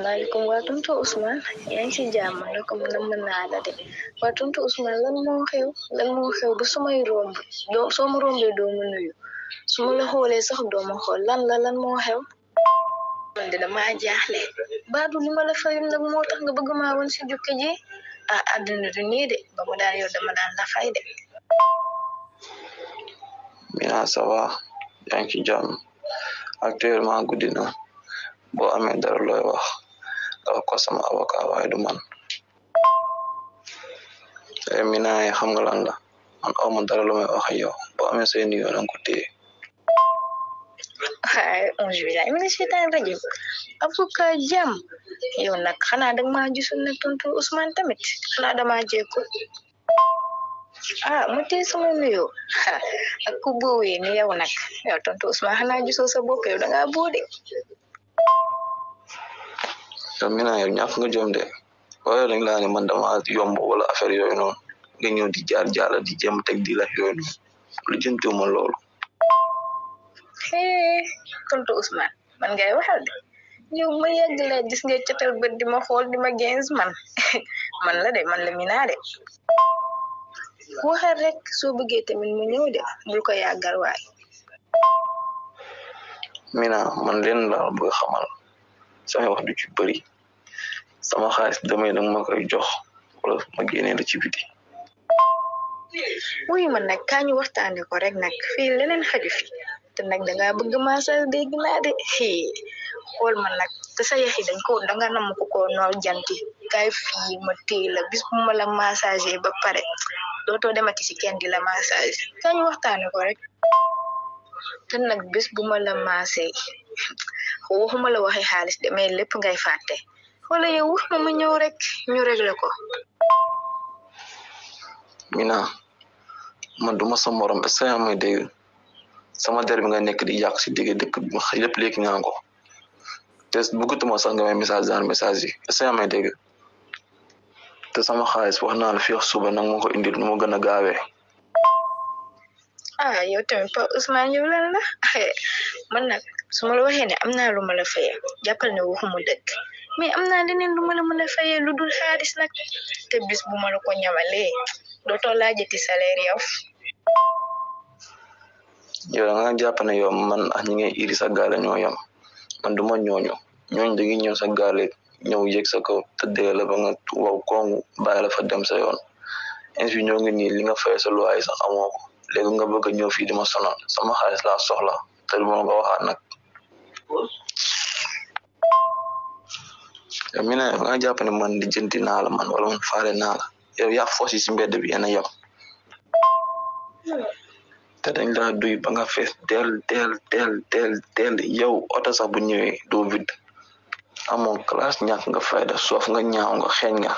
maaleykum waa Tumtu Ousmane yaa ngi ci jàmm naka mu nam naa la de waa Tumtu Ousmane lan moo xew lan moo xew ba su may romb doo soo ma rombee su ma la xoolee sax doo ma lan la lan moo xew. man de damaa jaaxle baadu li ma la fayul nag moo tax nga bëgg maa woon si jukke ji ah àdduna ah, du nii de ba ma daan dama daan la de. Mina ça va yaa ngi ci jàmm actuellement guddi na boo dara looy wax. ko sama avocat waaye du man eh, minaay xam nga lan la dara lu may wax boo amee say nuyoo na nga ko téye auzu billaahi mina sheytaani rajiim avocat jàmm nag xanaa danga maa gisul ne tontu Ousmane tamit xanaa dama jékku ah mu téye sama nuyoo ak ku boowee ni yow nag yow tontu Ousmane xanaa gisoo sa bopp yow dangaa boo de ñoom ñu naan nga jom de waaye dañ laa ne man dama yomb wala affaire yooyu noonu nga ñëw di jaar jaala di jéem teg di la yooyu noonu lu jëntuuma loolu hee tontu Ousmane man ngay waxal de yow ma yàgg la gis nga catal bët di ma xool di ma gens man man la man la minaa de waxal rek soo bëggee tamit mu ñëw de bul ko yàggal waay mina man leen laa bëgg xamal samay wax du ci bëri sama xaalis damay nag ma koy jox ma génnee la ci biti wuyu man nag kaa ñu waxtaane ko rek nag fii leneen xaju fi te nag dangaa bëgg massage dégg naa de xool ma nag te sa yaxi dañ ko danga nam ko koo noor janti kaay fii ma téye la bis bu la massage ba pare dootoo demati si kenn di la massage kaa ñu waxtaane ko rek te nag bis bu ma la massé waxuma la waxi xaalis de mais lépp ngay fàtte wala yow moom ma ñëw rek ñu réglé ko. Mina man duma sa morom est ce que sama der bi nga nekk di yàq si digg dëkk bi xëy lépp léegi nga ko te bëggatuma sax nga may message daan message yi est ce te sama xaalis wax naa fi wax suba nag moo ko indil nu mu gën a gaawee. ah yow tamit Pa Ousmane yow lan man nag su ma la am na lu la fayal jàppal ne waxuma dëgg. mais am naa leneen lu ma la mën a lu dul a nag te bis bu ma la ko ñamalee dootoo laajati salaire yow. yow da nga jàpp ne yow man ak ñi ngay iri sa gaale ñoo man du ma ñooñu ñooñu dañuy ñëw sa gale ñëw yëg sa kaw tëddee ba nga waw kongu bàyyi fa dem sa yoon insi ñoo ngi nii li nga fay sa luwaay sax amoo ko léegi nga bëgg a ñëw fii di ma sonal sama xaalis la soxla te du ma ko waxaat yow mi ne ba nga jàpp ne man lijjanti man wala man faale naa la yow yaa foos yi si mbedd bi yéen a yem te dañ laa duy ba nga fees del del del del del yow oto sax bu ñëwee doo vide amoo classe ñàkk nga fayda soof nga ñaaw nga xeeñ nga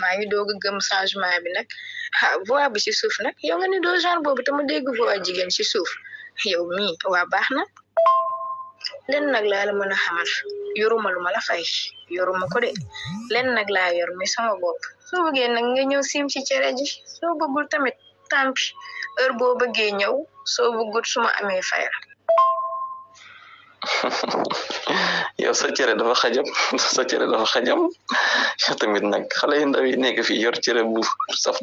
maa ngi doog a gëm changement bi nag ah voix bi si suuf nag yow nga ne doo genre boobu te mu dégg voix jigéen ci suuf yow mii waa baax na len nag laa la mën a xamal yoruma lu ma la fay yoruma ko de len nag laa yor mi sama bopp soo bëggee nag nga ñëw sim ci cere ji soo bëggul tamit tampi heure boo bëggee ñëw soo bëggul suma amee fayal yow sa cere dafa xajam sa cere dafa xajam tamit nag xale yu ndaw yi nekk fii yor cere bu saf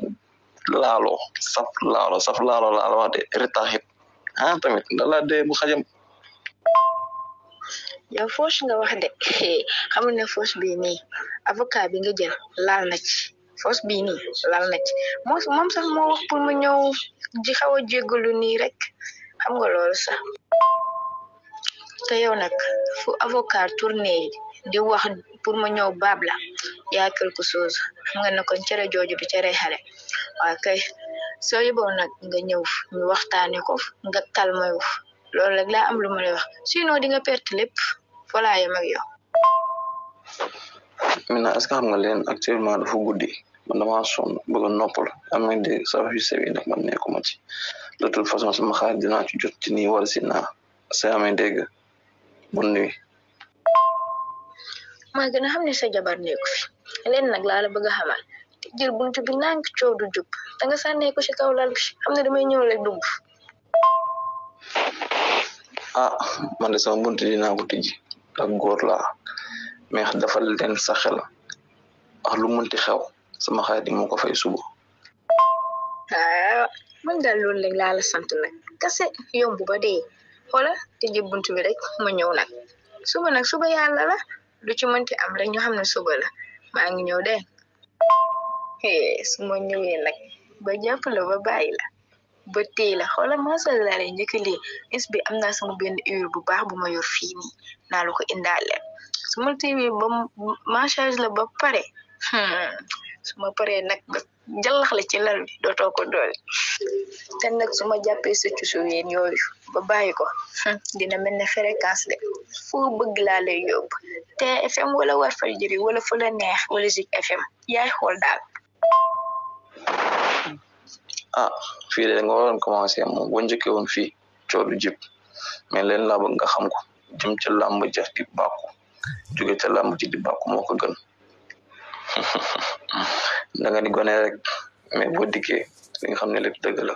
laalo saf laalo saf laalo laalo wax de retaaxit ah, tamit da laa dee bu xajam yow fausse nga wax de xamul ne fausse bii nii avocat bi nga jël laal na ci fausse bii nii laal na ci moom moom sax moo wax pour mu ñëw ji xaw a jéggalu nii rek xam nga loolu sax te yow nag fu avocat tourné di wax pour mu ñow baab la yaa quelque chose xam nga ne kon cere jooju bi cere xale waaye kay soo yëboo nag nga ñëw ñu waxtaane ko nga kalmayu loolu rek am lu ma wax sinon di nga perte lépp voilà yem ak yow. maintenant est ce que xam nga leen actuellement dafa guddi man damaa sonn bëgg a noppal am na des saf yu sew yi ci de toute façon sama xaar dinaa ci jot ci nii wala si naa sa amee dégg bonne nuit. maa gën a xam ne sa jabar nekku fi leen nag laa bëgg a xamal te jël buntu bi nank coow du jub danga sànnee ko ci kaw lal bi xam ne damay ñëw rek dugg. ah man de sama buntu dinaa ko tijji. ak ngóor laa mais dafal leen sa xel ak lu munti xew sama xarit moo ko fay suba. ah man daal loolu léegi laa la sant nag kese yomb ba dee xoola te ji bunt wi rek ma ñëw nag suba nag suba yàlla la lu ci mënti am rek ñu xam ne suba la maa ngi ñëw de su ma ñëwee nag ba jàpp la ba bàyyi la. ba tey la xoolal masal laa lay njëkk lii bi am na sama benn huile bu baax bu ma yor fii nii naa ko indaale su ma bam ba la ba pare hmm, su ma paree nag ba la ci lal bi dootoo ko doole te nag su jàppee sëccu su yéen yooyu ba bàyyi ko hmm, dina mel ne fréquence de foo bëgg laa lay te FM wala Walfadjri wala fu neex wala Zik FM yaay xool daal. ah fii de nga waroon commencé moom boo njëkkee woon fii coodu jib mais leen laa nga xam ko jëm ca làmb ja di bàkku jóge ca làmb ji di bàkku moo ko gën da nga ni gone rek mais boo dikkee li nga xam ne lépp dëgg la